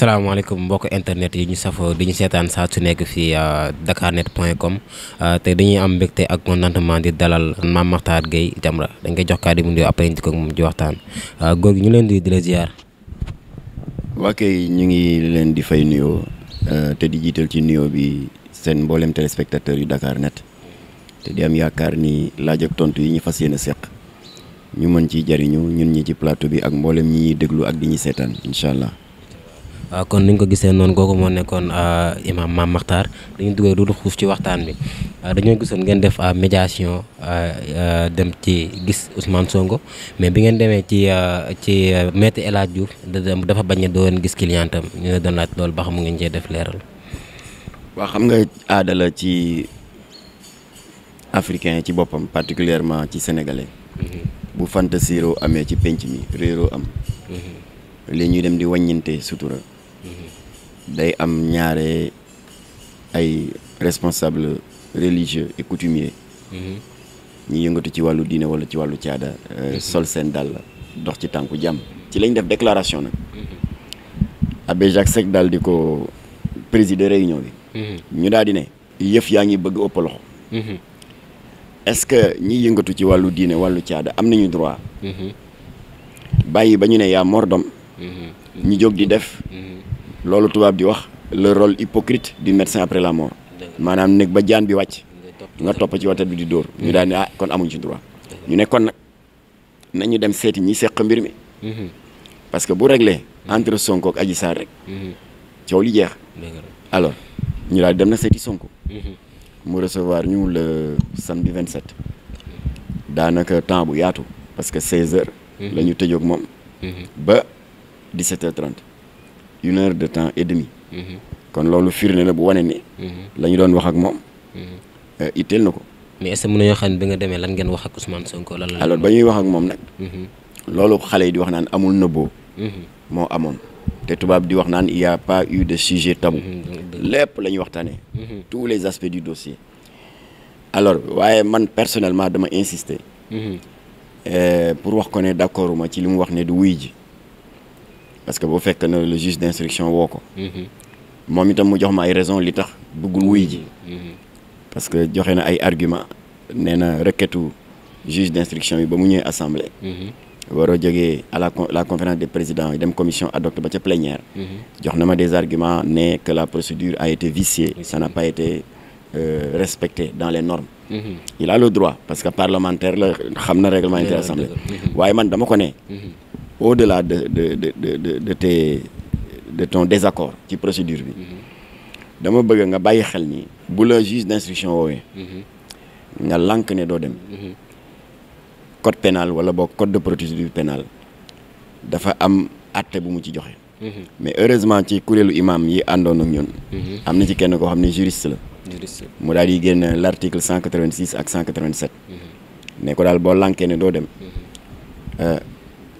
salaamaaleykum mbokk internet yi ñu safoo di ñu seetaan saa su nekk fii euh, comme euh, te dañuy am mbégte ak contentement di dalal Mame Makhtar Gueye Jamra dañ koy jox kàddu mu nuyoo après ñu ko moom di waxtaan euh, góor ñu leen di di la waa kay ñu ngi leen di fay nuyoo te di jiital ci nuyoo bi seen mboolem téléspectateur yu Dakarnet te di am yaakaar nii laaj tontu yi ñu fas yéene seq ñu mën ci jariñu ñun ñi ci plateau bi ak mboolem ñi ñuy déglu ak di ñu seetaan incha allah. Euh, kon ni ñu ko gisee noonu kooku moo nekkoon euh, imam maam Makhtar dañu duggee du du xuuf ci waxtaan bi euh, dañoo gisoon ngeen def médiation dem ci gis Ousmane Sonko mais bi ngeen demee ci ci maître El Hadj Diouf dafa bañ a doon gis clientam ñu ne doon laaj loolu ba xam mu ngeen cee def leeral. waaw xam nga aada la ci africain ci boppam particulièrement ci sénégalais. Mm-hmm. bu fanta siiroo amee ci penc mi réeroo am. Mm-hmm. li ñuy dem di wàññinte sutura. day am ñaare ay responsable religieux et coutumier mhm. ñu yëngatu ci wàllu diine wala ci wàllu caada euh, mhm. sol seen dàll dox ci tànku jàmm ci lañ def déclaration nag mhm. abbé Jacques Seck daal di ko présider réunion bi ñu daal di ne yëf yaa ngi bëgg ëpp loxo est-ce que ñi yëngatu ci wàllu diine wàllu caada am nañu droit bàyyi ba ñu ne yaa mordom ñu jóg di def loolu tubaab di wax le rôle hypocrite di médecin après la mort maanaam néeg ba jaan bi wàcc nga toppa ci watat bi di dóor ñu daal ne ah kon amuñ ci droit ñu ne kon nag nañu dem seeti ñi seq mbir mi mm-hmm. parce que bu réglé entre Sonko ak Adji Sarr rek mm-hmm. coow li jeex alors ñu daal dem na seeti Sonko mm-hmm. mu recevoir ñu le samedi set daanaka temps bu yaatu parce que 16 heures la ñu tëjoog moom ba 17 heures 30 une heure de temps et demi. Mhm. kon loolu firnde la bu wane ni. Mhm. la ñu doon wax ak moom. Mhm. Euh, itteel na ko. mais est-ce que mën nañoo xam ne bi nga demee lan ngeen wax ak Ousmane Sonko lan la. alors ba ñuy wax ak moom nag. loolu xale yi di wax naan amul nëbboo. moo amoon te tubaab di wax naan il y a pas eu de sujet tabou. lépp la ñuy waxtaanee. tous les aspects du dossier. alors waaye man personnellement dama insister. Euh, pour wax ko ne d'accord ma ci li mu wax ne du wuy ji. parce que bu fekkee ne le juge d'instruction woo ko. Mhm. moom itam mu jox ma ay raison li tax bëggul wuy ji. Mhm. parce que joxe na ay argument nee na requêtu juge d'instruction bi ba mu ñëwee assemblée. Mhm. waroo jógee à la la de président dem commission ad hoc ba ca plénière. jox na ma des arguments ne que la procédure a été viciée. ça n'a pas été euh, dans les normes. il a le droit parce que parlementaire la xam na règlement inter assemblée. waaye man dama ko ne. au-delà de de de de de tes de ton désaccord ci procédure bi mhm. dama bëgg nga bàyyi xel ni bu la juge d'instruction woowee mhm. nga lànk ne doo dem mhm. code pénal wala boog code de procédure pénal dafa am àtte bu mu ci joxe mais heureusement ci kuréelu imam yi àndoon ak ñoon am na ci kenn koo xam ne juriste la mu daal di génn l' article 186 ak 187 ne ko daal boo lànkee ne doo dem euh,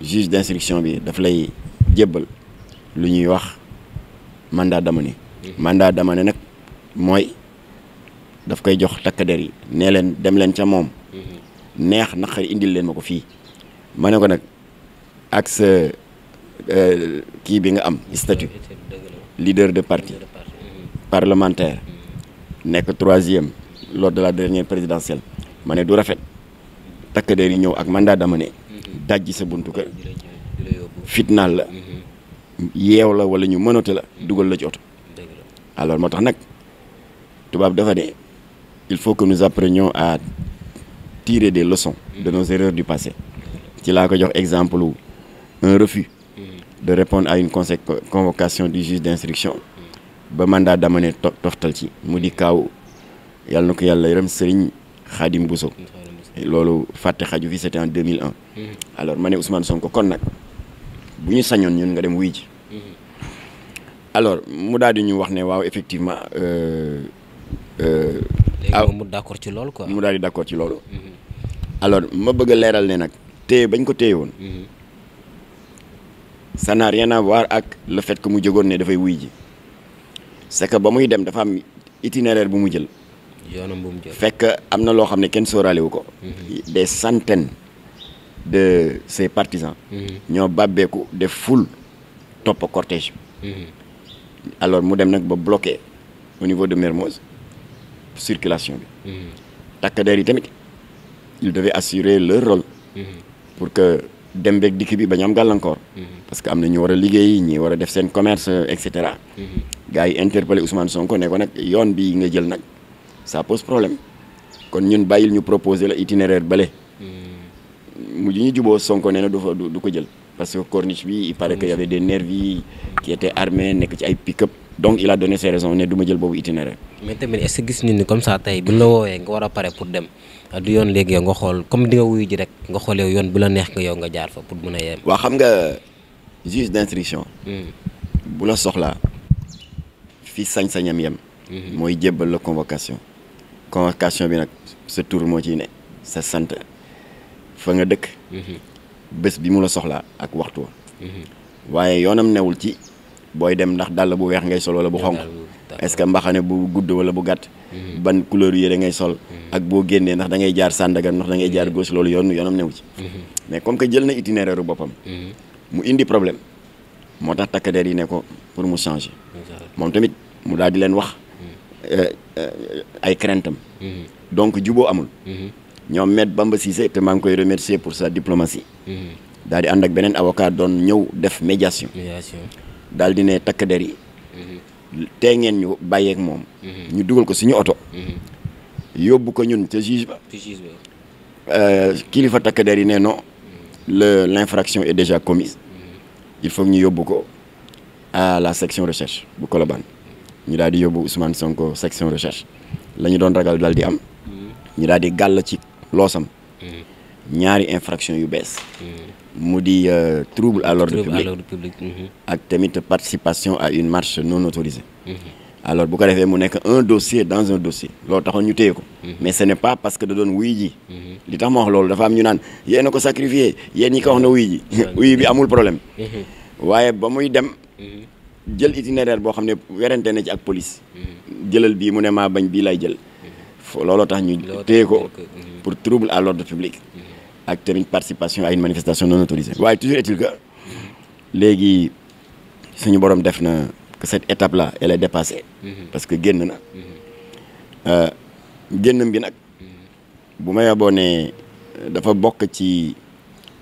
juge d'instruction bi dafa lay jébbal lu ñuy wax mandat d'amener mm-hmm. mandat d'amener nag mooy daf koy jox takk yi nee leen dem leen ca moom mm-hmm. neex naqari indil leen ma ko fii ma ne ko nag ak sa euh, kii bi nga am statut leader de parti mm-hmm. parlementaire nekk troisième lors de la dernière présidentielle ma ne du rafet takk yi ñëw ak mandat d'amener dajji sa buntu kër fitnaal la yeew la wala ñu mënate la dugal la ci oto alors moo tax nag tubaab dafa ne il faut que nous apprenions à tirer des leçons de nos erreurs du passé ci laa ko jox exemple wu un refus de répondre à une convocation du juge d'instruction ba mandat dama ne toftal ci mu di kaaw yàlla na ko yàlla yërëm sëriñ Xaadim Bousso loolu fàtte xaju fi c'était en 2001. Mm-hmm. alors ma ne Ousmane Sonko kon nag bu ñu sañoon ñun nga dem wuy ji. Mm-hmm. alors mu daal di ñu wax ne waaw effectivement. Euh, euh, léegi ah, mu d'accord ci loolu quoi. mu daal di d'accord ci loolu. Mm-hmm. alors ma bëgg leeral ne nag téye bañ ko téye woon. ça n'a rien à ak le fait que mu jógoon ne dafay wuy ji c'est que ba muy dem dafa am itinéraire bu mu jël. yoonam bu mu jël fekk am na loo xam ne kenn sóoraale wu ko. Mhm. des centaines de ses partisans. Mhm. ñoo bàbbeeku def ful topp cortège mhm. alors mu dem nag ba bloqué au niveau de Mermoz circulation bi. takk der yi tamit ils devaient assurer leur rôle. pour que dem beeg dikk bi ba ñu am gàllankoor. parce que am na ñu war a liggéey ñi war a def seen commerce et cetera. gars yi interpellé Ousmane Sonko ne ko nag yoon bi nga jël nag. sa pose problème kon ñun bàyyil ñu proposer la itinéraire bale mujj ñu juboo Sonko nee na du fa du ko jël parce que corniche bi il paraît que y avait des nervis qui étaient armés nekk ci ay pick-up donc il a donné ses raisons ne du ma jël boobu itinéraire. mais tamit est-ce gis nañ ni comme ça tey bu la woowee nga war a pare pour dem du yoon léegi yow nga xool comme di nga wuyu ji rek nga xoolee yoon bu la neex nga yow nga jaar fa pour mën a yem. waaw xam nga juge d'instruction. Hmm. bu la soxlaa fi sañ-sañam yem. Hmm. mooy jébbal la convocation. convocation bi nag sa tur moo ciy ne sa sant fa nga dëkk mhm. bés bi mu la soxlaa ak waxtu wa mhm. waaye yoonam newul ci booy dem ndax dàll bu weex ngay sol wala bu xonq est-ce que mbaxane bu gudd wala bu gàtt mhm. ban couleur yére ngay sol ak boo génnee ndax da ngay jaar Sandaga ndax da ngay jaar gauche loolu yoon yoonam newu ci mais comme que jël na itinéraire boppam mu indi problème moo tax takk der yi ne ko pour mu changer moom tamit mu daal di leen wax Euh, euh, ay craintam mhm. donc juboo amul mhm. ñoom Me Bamba Cissé te maa ngi koy remercier pour sa diplomatie mhm. daal di ànd ak beneen avocat doon ñëw def médiation daal di ne takk der yi tey ngeen ñu bàyyeek moom ñu dugal ko suñu oto yóbbu ko ñun ca juge ba euh, kilifa takk yi ne no le infraction et déjà commis il faut ñu yóbbu ko à la section recherche bu Colobane ñu daal di yóbbu Ousmane Sonko section recherche la ñu doon ragal daal di am ñu daal di gàll ci loosam ñaari infraction yu bees mu di euh, trouble à l'ordre public mhm. ak tamit participation à une marche non autorisée mhm. alors bu ko defee mu nekk un dossier dans un dossier loolu taxoon ñu téye ko mhm. mais ce n'est pas parce que da doon wuy ji li tax ma wax loolu dafa am ñu naan yéen a ko sacrifié yéen ñi ko wax na wuy ji wuy bi amul problème waaye ba muy dem jël itinéraire boo xam ne werante na ci ak police. jëlal bii mu ne maa bañ bii lay jël. looloo tax ñu téye ko mm-hmm. pour trouble à l'ordre public. Mm-hmm. ak tamit participation à une manifestation non autorisée. waaye toujours est-il mm-hmm. léegi suñu borom def na que cette étape là elle est dépassée. parce que génn na euh, génnam bi nag bu ma yaboo dafa bokk ci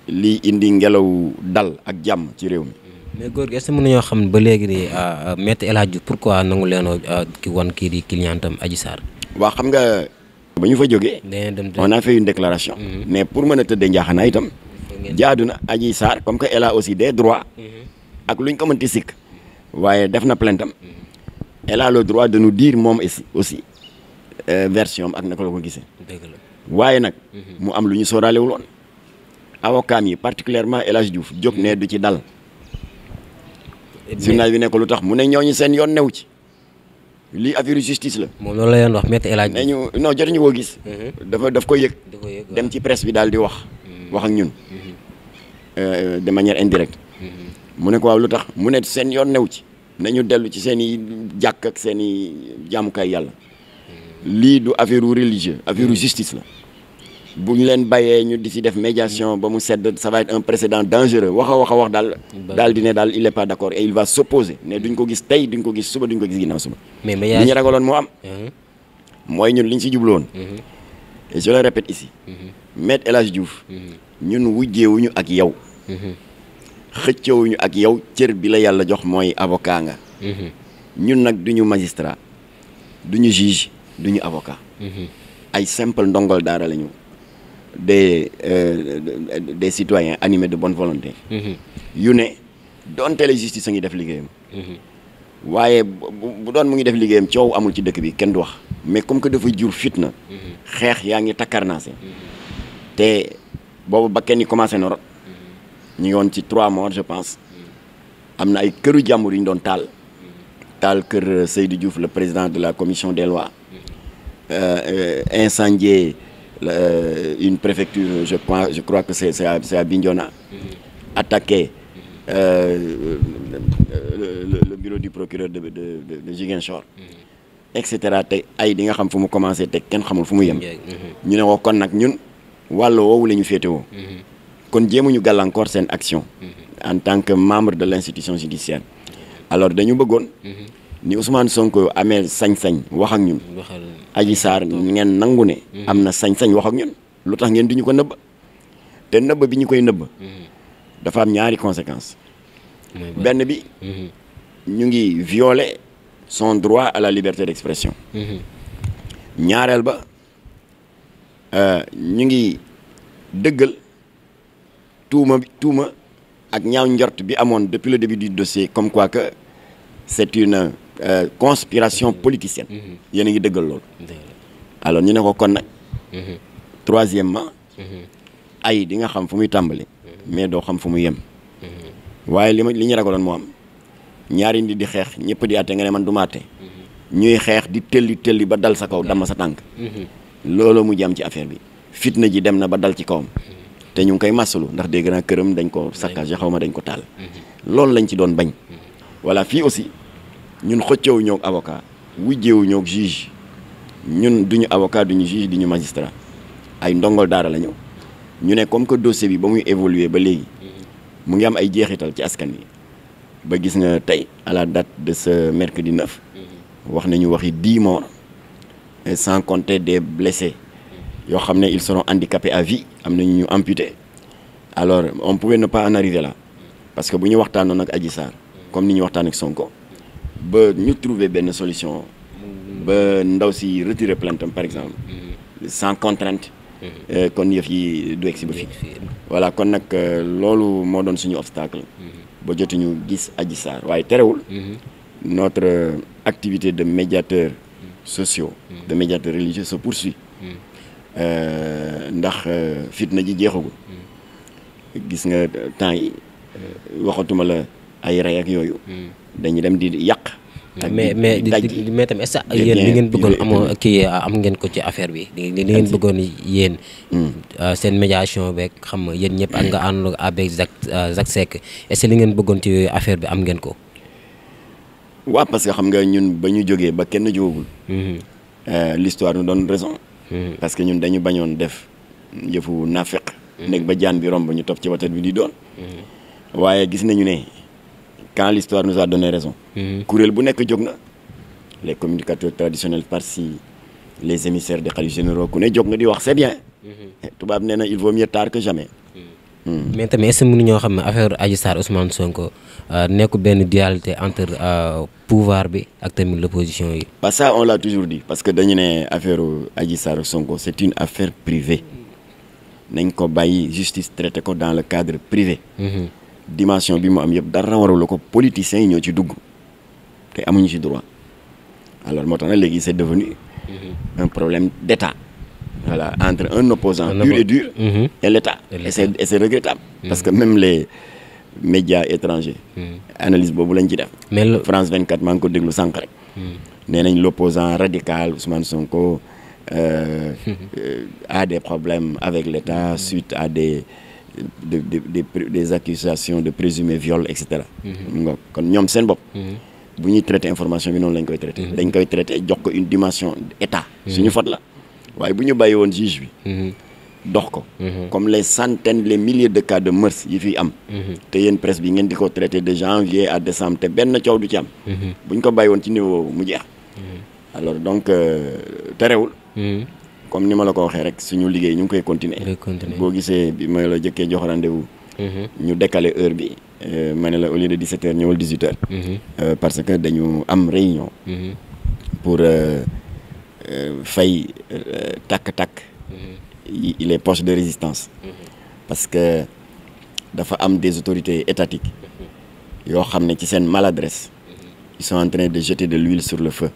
liy indi ngelaw dal ak jàmm ci réew mi. mais góor gi est-ce na ñoo nañoo xam ba léegi nii euh, euh, Maître El Hadji Diouf pourquoi nangu leen euh, ki wan kii di clientam aji saar waa xam nga. ba ñu fa jógee. on a fait une déclaration. Mm-hmm. mais pour mën a tëddee njaaxanaa itam. jaadu na aji saar comme que elle a aussi des droits. Mm-hmm. ak luñ ko mën mënti sikk. waaye def na plaintam mm-hmm. elle a le droit de nous moom aussi euh, version am ak naka la ko gisee. waaye nag. mu am lu ñu sóoraalewul woon. avocat yi particulièrement El Hadji Diouf jóg ne du ci dal. journal bi nekk lu tax mu ne ñooñu seen yoon new ci lii affaire justice la. moom loolu la yoon wax Maître El Hadji. ne ñu non jotuñu gis. Mhm. dafa daf koy yëg. dem ci presse bi daal di wax. Mhm. wax ak ñun. Mhm. Euh, de manière indirecte. mu ne ko waaw lu tax mu ne seen yoon new ci. nañu dellu ci seen i jàkk ak seen i jaamukaay yàlla. lii du affaire religieux affaire justice la. bu ñu leen bàyyee ñu di ci def médiation ba mu sedd ça va être un précédent dangereux wax a wax a wax daal. daal di ne daal il est pas d'accord et il va s'opposer ne duñ ko gis tey duñ ko gis suba duñ ko gis ginnaaw suba. mais li ñu ragaloon moo am. Uh-huh. mooy ñun li ñu ci jubluwoon. Uh-huh. et je le répète ici. Uh-huh. maître El ñun wujjewuñu ak yow. xëccoowuñu ak yow cër bi la yàlla jox mooy avocat nga. ñun nag duñu magistrat duñu juge duñu avocat. ay simple ndongol daara lañu. des euh, des citoyens de bonne volonté. Mhm. yu ne donte la justice a ngi def liggéeyam. Mhm. waaye bu doon mu ngi def liggéeyam coow amul ci dëkk bi kenn du wax. mais comme que dafa jur fitna. Mhm. xeex yaa ngi takkarnaase. te boobu ba kenn commencé na rot. ñu ngi woon ci trois mois je pense. am na ay këru jàmbur yu ñu doon taal. taal kër euh, Seydou Diouf le président de la commission des lois. Euh, euh, incendié Euh, une préfecture je pense je crois que c'est c'est à, c'est à euh, euh, le, le bureau du procureur de de de, de Ziguinchor et cetera te ay di nga xam fu mu commencé te kenn xamul fu mu yem ñu ne woo kon nag ñun wàll woowu la ñu féetewoo kon jéemuñu gàllankoor seen action en tant que membre de l'institution judiciaire alors dañu bëggoon ni Ousmane Sonko amee sañ-sañ wax ak ñun. aji saar ngeen nangu ne. Mhm. am na sañ-sañ wax ak ñun. lu tax ngeen du ñu ko nëbb te nëbb bi ñu koy nëbb. Mhm. dafa am ñaari conséquence benn bi. Mhm. ñu ngi violer son droit à la liberté d'expression. ñaareel ba euh, ñu ngi dëggal tuuma tuuma ak ñaaw njort bi amoon depuis le début du dossier comme quoi que c'est na Euh, conspiration politicienne. Mm-hmm. yéen a ngi dëggal loolu. alors ñu ne ko kon nag. Mm-hmm. troisièmement mm-hmm. ay di nga xam fu muy tàmbali. mais doo xam fu muy yem. waaye li ma li ñu ragaloon moo am ñaari nit di xeex ñëpp di àtte nga ne man du ma ñuy xeex di telli telli ba dal sa kaw dama sa tànk. looloo mu jam ci affaire bi. fitna ji dem na ba dal ci kawam. te ñu ngi koy masalu ndax dégg naa këram dañ ko saccagé xaw ma dañ ko taal. loolu lañ ci doon bañ. voilà fii aussi. ñun xëccëwu ñoog avocat wujjewu ñoog juge ñun duñu avocat duñu juge duñu magistrat ay ndongol daara la ñëw ñu ne comme que dossier bi ba muy évoluer ba léegi mu ngi am ay jeexital ci askan wi ba gis nga tey à la date de ce mercredi 9 wax nañu waxi 10 morts et sans compter des blessés yoo xam ne il seront handicapés à vie am nañu ñu amputé alors on pouvait ne pas en arriver là parce que bu ñu waxtaanoon ak aji Sarr comme ni ñu waxtaan ak Sonko ba ñu trouver benn solution ba ndaw si retirer plainte par exemple sans contrainte euh, kon yëf yi du egg si voilà kon nag euh, loolu moo doon suñu obstacle ba jotuñu gis Adji Sarr waaye terewul notre euh, activité de médiateur sociaux de médiateur religieux se poursuit ndax fitna ji jeexagul gis nga temps yi waxatuma la ay rey ak yooyu dañu dem di yàq mais mais mais tamit est-ce que yéen li ngeen bëggoon amoo kii euh, am ngeen ko ci affaire bi li ngeen bëggoon yéen mm. euh, seen médiation beeg xam nga yéen ñëpp ak nga mm. àndandoo avec Zack euh, Zack Seck est li ngeen bëggoon ci affaire bi am ngeen ko waa parce que xam nga ñun ba ñu jógee ba kenn jógagul mm-hmm. l'histoire nous doon raison mm-hmm. parce que ñun dañu bañoon def yëfu nafiq mm-hmm. nekk ba jaan bi romb ñu topp ci watat bi di doon waaye gis nañu ne quand l'histoire nous a donné raison. Mhm. kuréel bu nekk jóg na le communicateur traditionnels par-ci les émissaires des khalifes généraux ku ne jog nga di wax c'est bien. Mhm. Eh, tubaab nee na il vaut mieux tard que jamais. Mhm. Hmm. mais tamit est-ce que mënuñoo xam ne affaire aji Sarr Ousmane Sonko euh, nekku benn dualité entre euh, pouvoir bi ak tamit l'opposition yi. parce que ça on l'a toujours dit parce que dañu ne affaire Adji Sarr Sonko c'est affaire privée nañ ko bàyyi justice traité ko dans le cadre privé. Mmh. dimension bi mu am yëpp dara warula ko politiciens yi ñoo ci dugg te amuñu ci droit alors moo tax nag léegi c'est devenu mm-hmm. un problème d'État voilà entre un opposant pur et dur mm-hmm. et l'État et c'est et mm-hmm. parce que même les médias étrangers analyse boobu lañ ci def France 24 maa ngi ko déglu sànq rek nee nañ l'opposant radical Ousmane Sonko euh, euh, a des problèmes avec l'État suite à des de des des accusations de présumé viol et cetera. Mhm. nga kon ñoom seen bopp. Mhm. bu ñuy traité information bi noonu lañ koy traité. Mhm. dañ koy traité jox ko une dimension état. suñu fat la waaye bu ñu bàyyi woon juge bi. dox ko. comme les centaines les milliers de cas de mœurs yi fi am. te yéen presse bi ngeen di ko traité de janvier à décembre te benn coow du ci am. bu ñu ko bàyyi woon ci niveau mu jeex. alors donc euh, terewul. comme ni ma la ko waxee rek suñu liggéey ñu ngi koy continuer boo gisee bi ma la jëkkee jox rendez-vous mm-hmm. ñu décaler heure bi euh, ma ne la au lieu de 17 heures ñëwal 18 heures mm-hmm. euh, parce que dañu am réunion mm-hmm. pour euh, fay takk-takk les poches de résistance parce que dafa am des autorités étatiques yoo xam ne ci seen maladresse ils sont en train de jeter de l'huile sur le feu